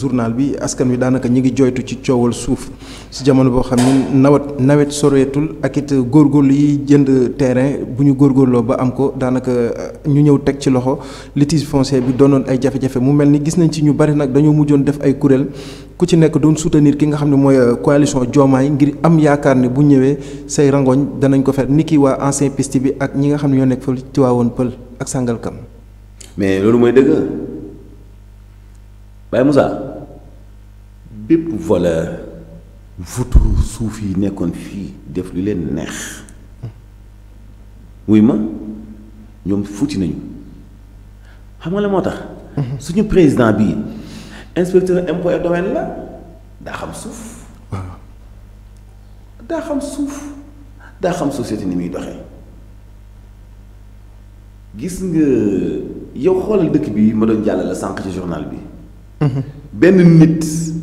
journal bi askan wi daanaka ñi ngi joytu ci coowal suuf si jamono boo xam ne nawet nawet soreetul ak it góorgóorlu yi jënd terrain bu ñu góor góorloo ba am ko daanaka euh, ñu ñëw teg ci loxo litige foncier bi doonoon ay jafe-jafe mu mel ni gis nañ ci ñu bari nag dañoo mujjoon def ay kuréel ku ci nekk doon soutenir ki nga xam ne mooy euh, coalition Diomaye ngir am yaakaar ne bu ñëwee say rangoñ danañ ko fet ni ki waa ancien pist bi ak ñi nga xam ne ñoo nekk fa ci waawoon pël ak Sangalkam. bépp voleur vautour suuf yi nekkoon fii def lu leen Oui moi, ma ñoom fuuti nañu xam nga la moo mhm. suñu président bii inspecteur impôt et domaine la daa xam suuf daa xam société ni nga dëkk bi ma doon journal bi mhm.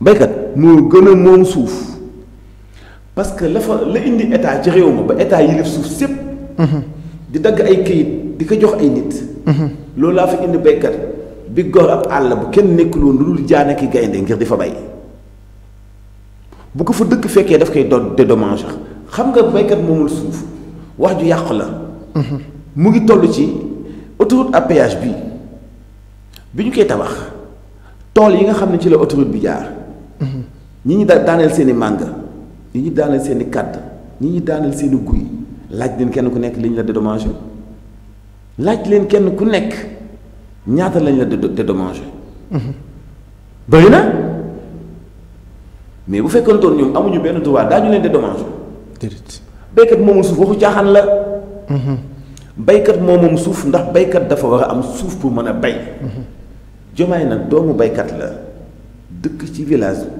béykat moo gën a moom suuf parce que la fa la indi état ci réew ma ba état yilif suuf sépp di dagg ay kayit di ko jox ay nit loolu laa fa indi béykat bi gor ab àll bu kenn nekkul woon lu dul jaane ki gaynde ngir di fa bay bu ko fa dëkk fekkee daf koy doon dédommage xam nga béykat moomul suuf wax ju yàqu la mu ngi toll ci autoroute à péage bi bi ñu koy tabax tool yi nga xam ne ci la autoroute bi jaar ñi ñi daa daaneel seeni màng ñi ñi daaneel seen i kàdd ñi ñi daaneel seen guy laaj leen kenn ku nekk li ñu la dédommagé laaj leen kenn ku nekk ñaata lañ la dédommagé mm-hmm. bëri na mais bu fekkantoon ñoom amuñu benn droit daañu leen dédommagé béykat moomul suuf waxu caaxaan la mm-hmm. béykat moomam suuf ndax baykat dafa war a am suuf pour mën a bay mm-hmm. jomaay nag doomu baykat la dëkk ci village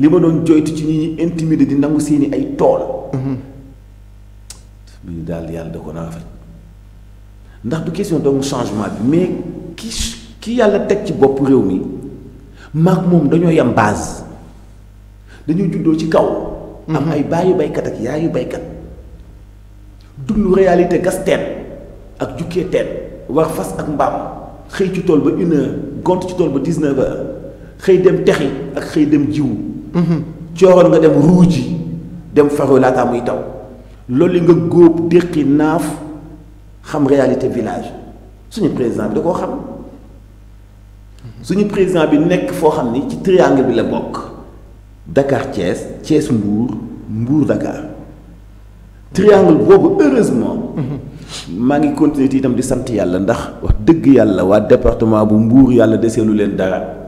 li ma doon joytu ci ñi ñi intimider di nangu seeni ay tool. Mhm. bi da ko naa ndax du question donc changement bi mais qui ki la tête ci bopp réew mi moom dañoo yam base dañoo juddoo ci kaw. Mhm. am ay baykat ak yaayu baykat dund réalité gas ak jukkee war fas ak ci tool ba une heure gont ci dem texi ak dem Mhm. cooroon nga dem rouji dem faru laataa muy taw loolu nga góob déqi naaf xam réalité village suñu président bi da koo xam suñu président bi nekk foo xam ni ci triangle bi la bokk Dakar Thiès Thiès Mbour Mbour Dakar triangle boobu heureusement mhm. maa ngi continuer itam di sant yàlla ndax wax dëgg yàlla waa département bu Mbour yàlla deseelu leen dara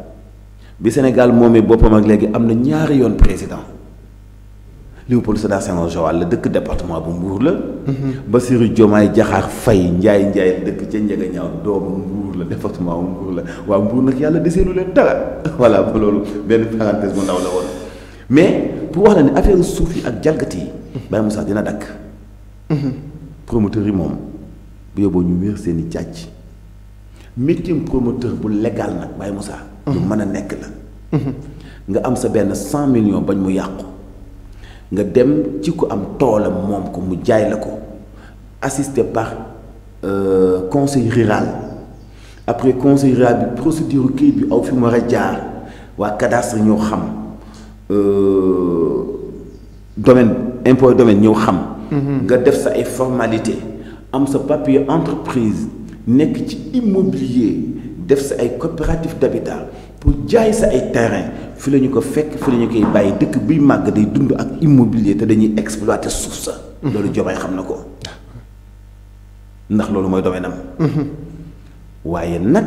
bi Sénégal moomee boppam ak léegi am na ñaari yoon président Léopold Sédar Senghor Joal la dëkk département bu Mbour la. Mhm. Bassirou Diomaye Diakhar fay Ndiaye Ndiaye dëkk ca Ndiaga Ñaaw doomu mbuur la département bu Mbour la waaw Mbour nag yàlla deseelu leen dara voilà ba loolu benn parenthèse bu ndaw la woon mais pour wax la ne affaire suuf yi ak jalgati yi. Mhm. Baye Moussa dina dakk mhm. promoteur yi moom bu yóbboo ñu wéer seen i métier promoteur bu légal Baye Moussa. Mhm. la. Mhm. millions bañ mu nga dem ci am ko mu assisté par euh, conseil rural après conseil rural bi procédure qui bi cadastre euh, domaine impôt domaine xam. Mhm. nga def sa ay formalité am sa papier entreprise. nekk ci immobilier def sa ay coopérative d'habitat pour jaay sa ay terrain fi lañu ko fekk fi lañu ñu koy bàyyi dëkk buy màgg day dund ak immobilier te dañuy exploiter suuf sa mhm. loolu Diomaye xam na ko ndax loolu mooy domaine am mhm. waaye nag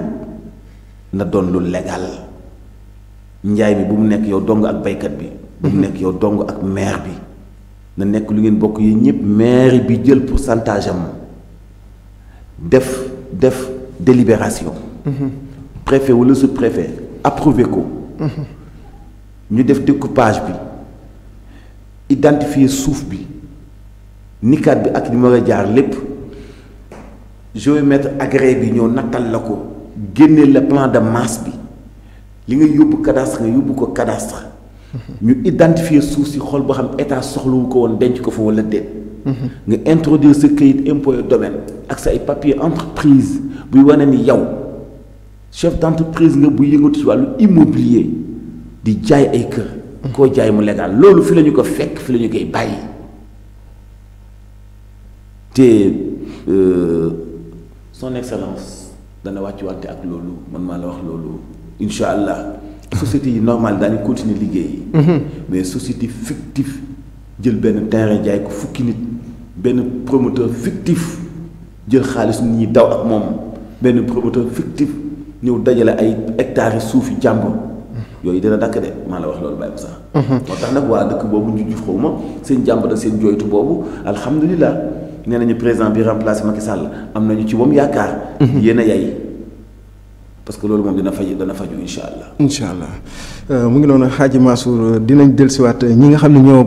na doon lu légal njaay bi bu mu nekk yow dong ak baykat bi bu mu mhm. nekk yow dong ak meer bi na nekk lu ngeen bokk yi ñëpp maire bi jël pourcentage am def def délibération. Mhm. préfet ou le sous-préfet approuver ko. Mhm. ñu def découpage bi identifier souf bi nikaat bi ak li ma la je vais géomètre agréé bi ñëw nattal lako génné le plan de masse bi li nga yobbu cadastre nga yobbu ko cadastre. Mhm. ñu identifier suuf ci xol bo xam état soxlu ko won denc ko fo wala déet nga introduire ce crédit impôt domaine ak papier entreprise buy ni chef d'entreprise, nga immobilier di jaay ay mu légal fi la ko fekk fi lañu euh, son excellence dana ak man la wax société yi normal daañu continuer liggéey. Mhm. mais société fictive jël ko un promoteur fictif jël xaalis ñi daw ak moom promoteur fictif ñëw dajale ay hectares dina dakk de maa wax loolu bàyyi ko sax. Mhm. moo tax nag waa ñu xaw seen ont seen jooytu président bi remplacé Macky Sall am ci moom yaakaar. Mhm. yéen a yay parce que loolu moom dina faj dana faju incha allah. incha allah nga